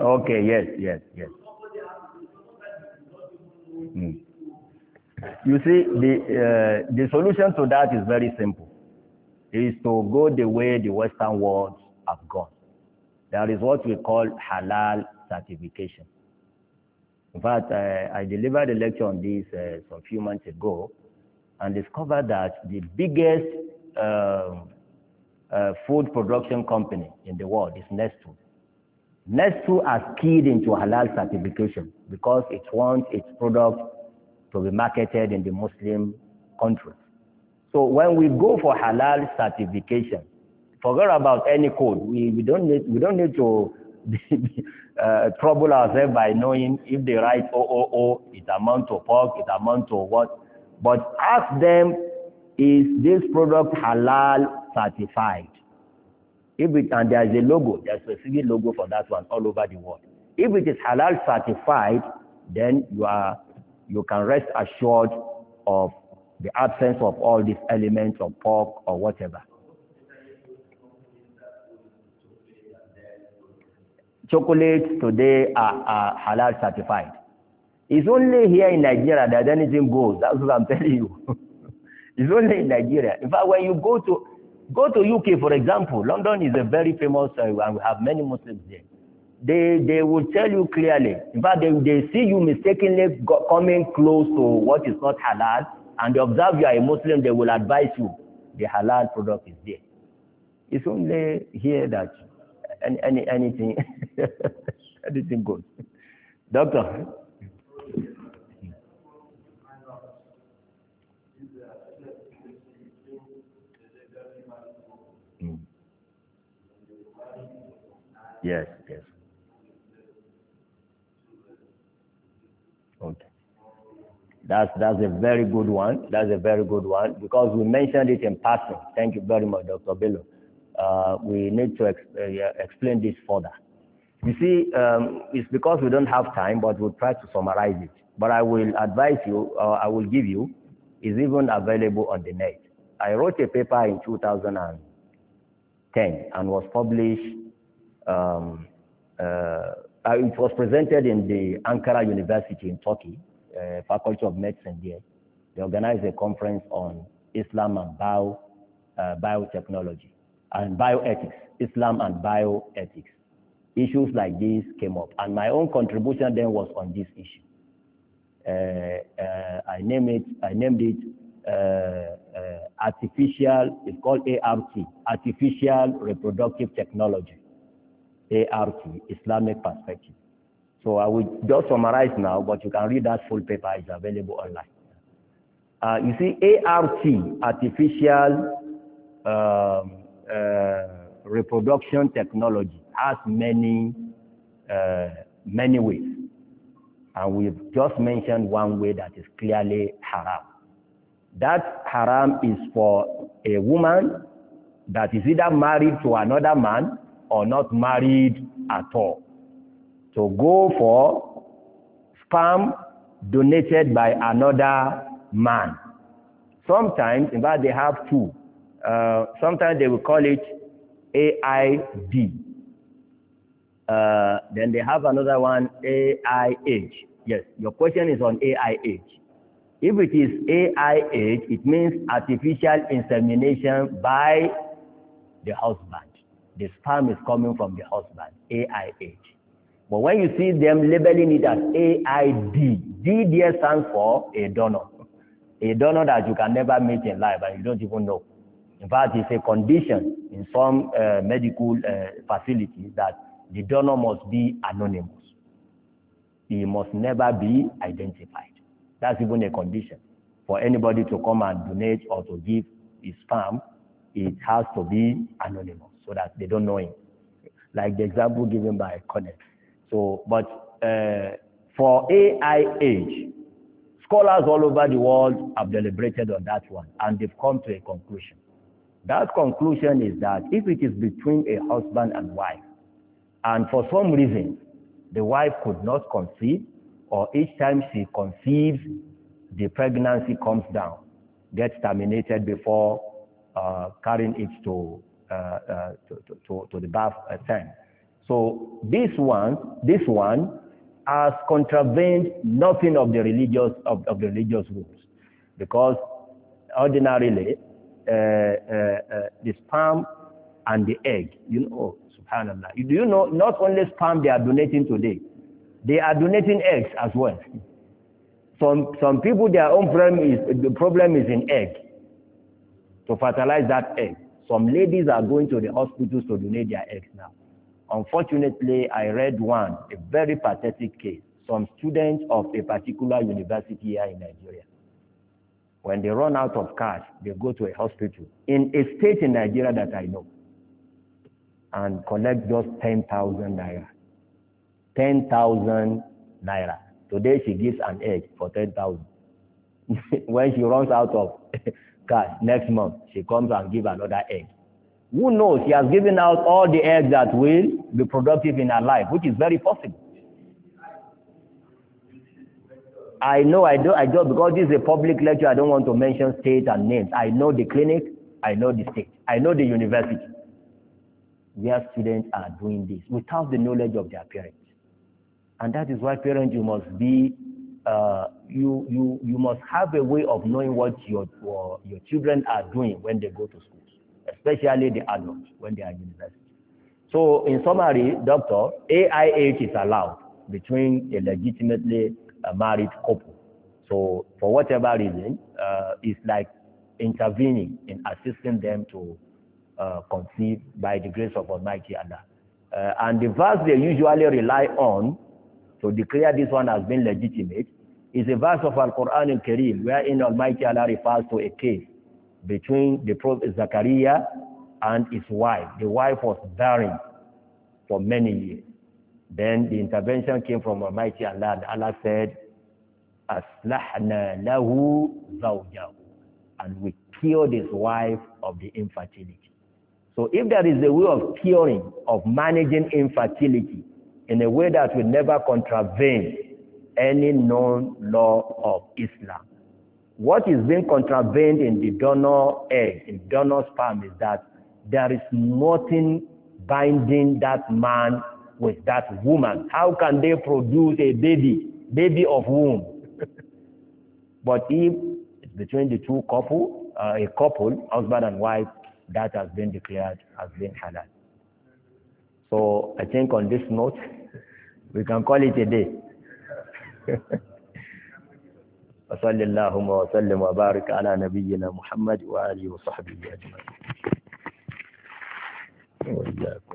Okay, yes, yes, yes. Mm. You see, the, uh, the solution to that is very simple. It is to go the way the Western world have gone. That is what we call halal certification. In fact, I, I delivered a lecture on this uh, some few months ago and discovered that the biggest um, uh, food production company in the world is Nestle. Next two are keyed into halal certification because it wants its product to be marketed in the Muslim countries. So when we go for halal certification, forget about any code. We, we, don't, need, we don't need to uh, trouble ourselves by knowing if they write OOO, it amounts to pork, it amounts to what. But ask them, is this product halal certified? If it, and there is a logo, there's a specific logo for that one all over the world. If it is halal certified, then you are you can rest assured of the absence of all these elements of pork or whatever. Chocolates today are, are halal certified. It's only here in Nigeria that anything goes. That's what I'm telling you. it's only in Nigeria. In fact, when you go to Go to UK, for example. London is a very famous, uh, and we have many Muslims there. They, they will tell you clearly. In fact, they, they see you mistakenly coming close to what is not halal, and they observe you are a Muslim, they will advise you the halal product is there. It's only here that any, any anything, anything goes. Doctor. Yes, yes. Okay. That's that's a very good one. That's a very good one because we mentioned it in passing. Thank you very much, Dr. Bello. Uh, we need to exp uh, explain this further. You see, um, it's because we don't have time, but we'll try to summarize it. But I will advise you, uh, I will give you, is even available on the net. I wrote a paper in 2010 and was published um, uh, uh, it was presented in the Ankara University in Turkey, uh, Faculty of Medicine there. They organized a conference on Islam and bio, biotechnology and bioethics, Islam and bioethics. Issues like this came up, and my own contribution then was on this issue. Uh, uh, I named it. I named it uh, artificial. It's called ART, artificial reproductive technology. ART Islamic Perspective. So I will just summarize now, but you can read that full paper, it's available online. Uh, you see, ART, Artificial um, uh, Reproduction Technology, has many, uh, many ways. And we've just mentioned one way that is clearly haram. That haram is for a woman that is either married to another man or not married at all. To go for sperm donated by another man. Sometimes, in fact, they have two. Uh, sometimes they will call it AID. Uh, then they have another one, AIH. Yes, your question is on AIH. If it is AIH, it means artificial insemination by the husband. The sperm is coming from the husband, AIH. But when you see them labeling it as AID, D there stands for a donor. A donor that you can never meet in life and you don't even know. In fact, it's a condition in some uh, medical uh, facilities that the donor must be anonymous. He must never be identified. That's even a condition. For anybody to come and donate or to give his sperm, it has to be anonymous so that they don't know him. Like the example given by Connect. So, but uh, for AIH, scholars all over the world have deliberated on that one and they've come to a conclusion. That conclusion is that if it is between a husband and wife, and for some reason the wife could not conceive, or each time she conceives, the pregnancy comes down, gets terminated before uh, carrying it to uh, uh, to, to the bath uh, time, So this one, this one has contravened nothing of the religious of, of the religious rules, because ordinarily uh, uh, uh, the sperm and the egg, you know, subhanallah. Do you know not only sperm they are donating today, they are donating eggs as well. Some some people their own problem is the problem is in egg to fertilize that egg. Some ladies are going to the hospitals to donate their eggs now. Unfortunately, I read one, a very pathetic case. Some students of a particular university here in Nigeria, when they run out of cash, they go to a hospital in a state in Nigeria that I know and collect just 10,000 naira. 10,000 naira. Today she gives an egg for 10,000. when she runs out of cash next month she comes and give another egg. Who knows? She has given out all the eggs that will be productive in her life, which is very possible. I know I do I do because this is a public lecture, I don't want to mention state and names. I know the clinic, I know the state, I know the university where students are doing this without the knowledge of their parents. And that is why parents you must be Uh, you, you, you must have a way of knowing what your, your, your children are doing when they go to school, especially the adults when they are in university. So in summary, doctor, AIH is allowed between a legitimately uh, married couple. So for whatever reason, uh, it's like intervening in assisting them to uh, conceive by the grace of Almighty Allah. Uh, and the verse they usually rely on so declare this one has been legitimate. It's a verse of Al-Quran al-Karim wherein Almighty Allah refers to a case between the Prophet Zachariah and his wife. The wife was barren for many years. Then the intervention came from Almighty Allah. Allah said, "Aslahna lahu زَوْجَهُ And we cured his wife of the infertility. So if there is a way of curing, of managing infertility, in a way that will never contravene any known law of Islam. What is being contravened in the donor egg, in donor sperm, is that there is nothing binding that man with that woman. How can they produce a baby, baby of whom? but if between the two couple, uh, a couple, husband and wife, that has been declared as being halal. So I think on this note, we can call it a day وصلى اللهم وسلم وبارك على نبينا محمد وآله وصحبه أجمعين وإياكم